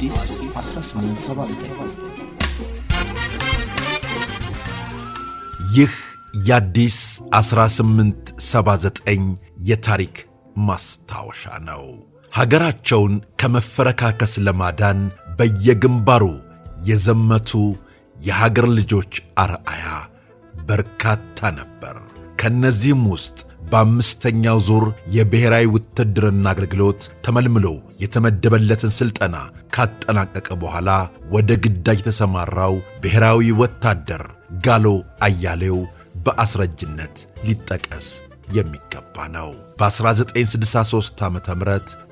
አዲስ 1879 ይህ የአዲስ 1879 የታሪክ ማስታወሻ ነው። ሀገራቸውን ከመፈረካከስ ለማዳን በየግንባሩ የዘመቱ የሀገር ልጆች አርአያ በርካታ ነበር። ከእነዚህም ውስጥ በአምስተኛው ዙር የብሔራዊ ውትድርና አገልግሎት ተመልምሎ የተመደበለትን ሥልጠና ካጠናቀቀ በኋላ ወደ ግዳጅ የተሰማራው ብሔራዊ ወታደር ጋሎ አያሌው በአስረጅነት ሊጠቀስ የሚገባ ነው። በ1963 ዓ ም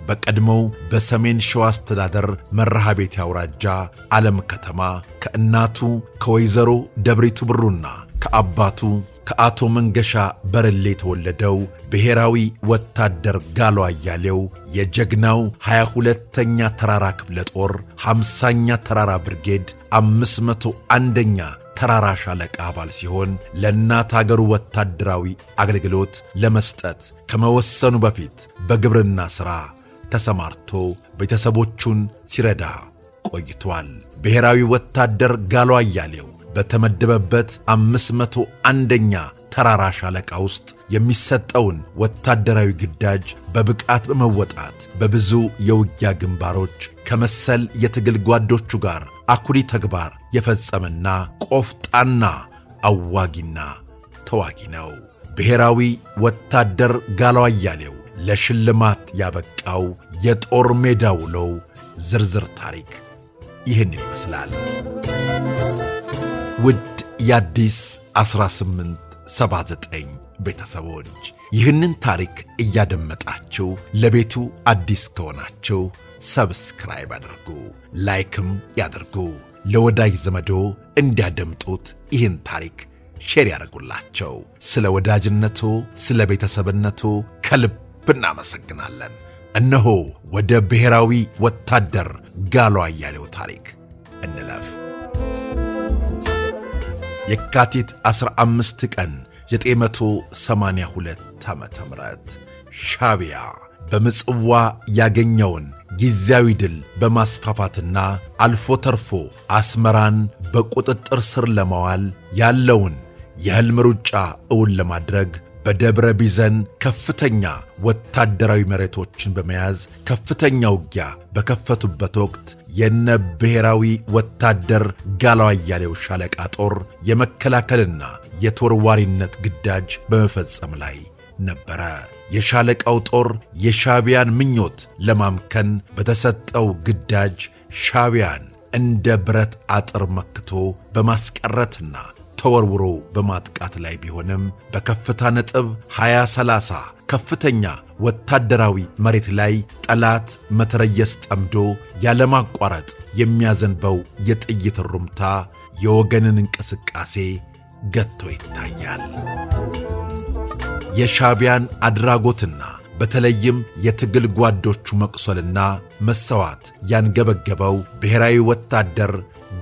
በቀድሞው በሰሜን ሸዋ አስተዳደር መርሃ ቤቴ አውራጃ ዓለም ከተማ ከእናቱ ከወይዘሮ ደብሪቱ ብሩና ከአባቱ ከአቶ መንገሻ በርሌ የተወለደው ብሔራዊ ወታደር ጋሎ አያሌው የጀግናው 22 ተኛ ተራራ ክፍለ ጦር 50ኛ ተራራ ብርጌድ 501ኛ ተራራ ሻለቃ አባል ሲሆን ለእናት አገሩ ወታደራዊ አገልግሎት ለመስጠት ከመወሰኑ በፊት በግብርና ሥራ ተሰማርቶ ቤተሰቦቹን ሲረዳ ቆይቷል። ብሔራዊ ወታደር ጋሎ አያሌው በተመደበበት አምስት መቶ አንደኛ ተራራ ሻለቃ ውስጥ የሚሰጠውን ወታደራዊ ግዳጅ በብቃት በመወጣት በብዙ የውጊያ ግንባሮች ከመሰል የትግል ጓዶቹ ጋር አኩሪ ተግባር የፈጸመና ቆፍጣና አዋጊና ተዋጊ ነው። ብሔራዊ ወታደር ጋለው አያሌው ለሽልማት ያበቃው የጦር ሜዳ ውሎው ዝርዝር ታሪክ ይህን ይመስላል። ውድ የአዲስ 1879 ቤተሰቦች ይህንን ታሪክ እያደመጣችሁ ለቤቱ አዲስ ከሆናችሁ ሰብስክራይብ አድርጉ፣ ላይክም ያድርጉ። ለወዳጅ ዘመዶ እንዲያደምጡት ይህን ታሪክ ሼር ያደርጉላቸው። ስለ ወዳጅነቱ፣ ስለ ቤተሰብነቱ ከልብ እናመሰግናለን። እነሆ ወደ ብሔራዊ ወታደር ጋሎ አያሌው ታሪክ የካቲት 15 ቀን 982 ዓ ም ሻቢያ በምጽዋ ያገኘውን ጊዜያዊ ድል በማስፋፋትና አልፎ ተርፎ አስመራን በቁጥጥር ስር ለማዋል ያለውን የሕልም ሩጫ እውን ለማድረግ በደብረ ቢዘን ከፍተኛ ወታደራዊ መሬቶችን በመያዝ ከፍተኛ ውጊያ በከፈቱበት ወቅት የነ ብሔራዊ ወታደር ጋላው አያሌው ሻለቃ ጦር የመከላከልና የተወርዋሪነት ግዳጅ በመፈጸም ላይ ነበረ። የሻለቃው ጦር የሻቢያን ምኞት ለማምከን በተሰጠው ግዳጅ ሻቢያን እንደ ብረት አጥር መክቶ በማስቀረትና ተወርውሮ በማጥቃት ላይ ቢሆንም በከፍታ ነጥብ 2030 ከፍተኛ ወታደራዊ መሬት ላይ ጠላት መትረየስ ጠምዶ ያለማቋረጥ የሚያዘንበው የጥይት ሩምታ የወገንን እንቅስቃሴ ገጥቶ ይታያል። የሻቢያን አድራጎትና በተለይም የትግል ጓዶቹ መቁሰልና መሰዋት ያንገበገበው ብሔራዊ ወታደር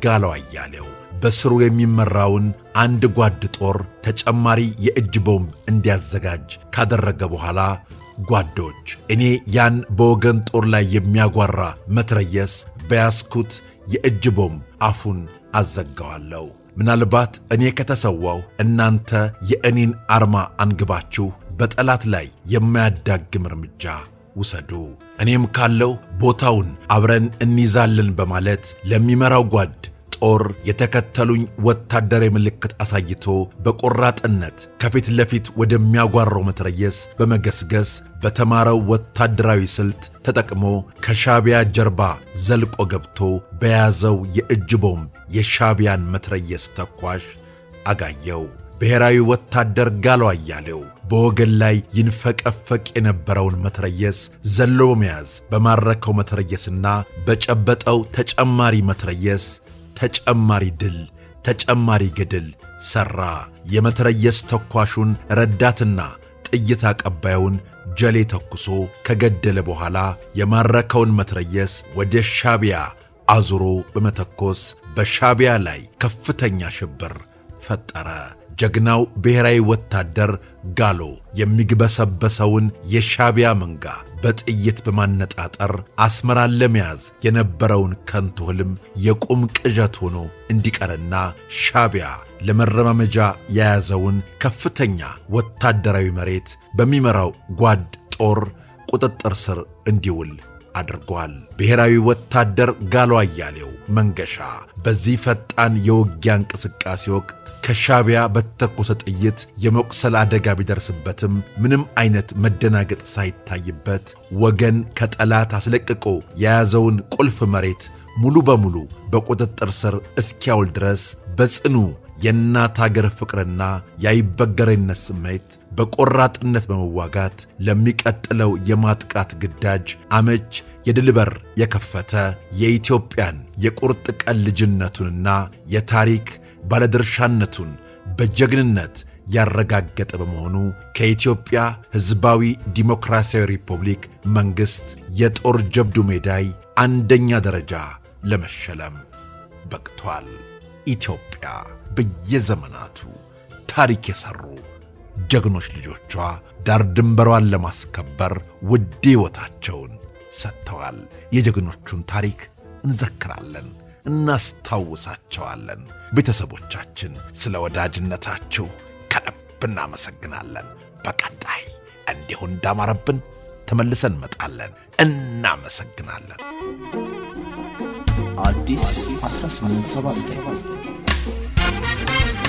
ጋለው አያሌው በስሩ የሚመራውን አንድ ጓድ ጦር ተጨማሪ የእጅ ቦምብ እንዲያዘጋጅ ካደረገ በኋላ ጓዶች እኔ ያን በወገን ጦር ላይ የሚያጓራ መትረየስ በያስኩት የእጅ ቦምብ አፉን አዘጋዋለሁ። ምናልባት እኔ ከተሰዋው እናንተ የእኔን አርማ አንግባችሁ በጠላት ላይ የማያዳግም እርምጃ ውሰዱ፣ እኔም ካለው ቦታውን አብረን እንይዛለን በማለት ለሚመራው ጓድ ጦር የተከተሉኝ ወታደራዊ ምልክት አሳይቶ በቆራጥነት ከፊት ለፊት ወደሚያጓራው መትረየስ በመገስገስ በተማረው ወታደራዊ ስልት ተጠቅሞ ከሻቢያ ጀርባ ዘልቆ ገብቶ በያዘው የእጅ ቦምብ የሻቢያን መትረየስ ተኳሽ አጋየው። ብሔራዊ ወታደር ጋሎ አያሌው በወገን ላይ ይንፈቀፈቅ የነበረውን መትረየስ ዘሎ በመያዝ በማረከው መትረየስና በጨበጠው ተጨማሪ መትረየስ ተጨማሪ ድል ተጨማሪ ገድል ሠራ። የመትረየስ ተኳሹን ረዳትና ጥይት አቀባዩን ጀሌ ተኩሶ ከገደለ በኋላ የማረከውን መትረየስ ወደ ሻቢያ አዙሮ በመተኮስ በሻቢያ ላይ ከፍተኛ ሽብር ፈጠረ። ጀግናው ብሔራዊ ወታደር ጋሎ የሚግበሰበሰውን የሻቢያ መንጋ በጥይት በማነጣጠር አስመራን ለመያዝ የነበረውን ከንቱ ህልም የቁም ቅዠት ሆኖ እንዲቀርና ሻቢያ ለመረማመጃ የያዘውን ከፍተኛ ወታደራዊ መሬት በሚመራው ጓድ ጦር ቁጥጥር ስር እንዲውል አድርጓል። ብሔራዊ ወታደር ጋሎ አያሌው መንገሻ በዚህ ፈጣን የውጊያ እንቅስቃሴ ወቅት ከሻቢያ በተተኮሰ ጥይት የመቁሰል አደጋ ቢደርስበትም ምንም አይነት መደናገጥ ሳይታይበት ወገን ከጠላት አስለቅቆ የያዘውን ቁልፍ መሬት ሙሉ በሙሉ በቁጥጥር ስር እስኪያውል ድረስ በጽኑ የእናት አገር ፍቅርና የአይበገሬነት ስሜት በቆራጥነት በመዋጋት ለሚቀጥለው የማጥቃት ግዳጅ አመች የድል በር የከፈተ የኢትዮጵያን የቁርጥ ቀን ልጅነቱንና የታሪክ ባለድርሻነቱን በጀግንነት ያረጋገጠ በመሆኑ ከኢትዮጵያ ሕዝባዊ ዲሞክራሲያዊ ሪፐብሊክ መንግሥት የጦር ጀብዱ ሜዳይ አንደኛ ደረጃ ለመሸለም በቅቷል። ኢትዮጵያ በየዘመናቱ ታሪክ የሰሩ ጀግኖች ልጆቿ ዳር ድንበሯን ለማስከበር ውድ ሕይወታቸውን ሰጥተዋል። የጀግኖቹን ታሪክ እንዘክራለን፣ እናስታውሳቸዋለን። ቤተሰቦቻችን ስለ ወዳጅነታችሁ ከልብ እናመሰግናለን። በቀጣይ እንዲሁ እንዳማረብን ተመልሰን እንመጣለን። እናመሰግናለን። አዲስ 1879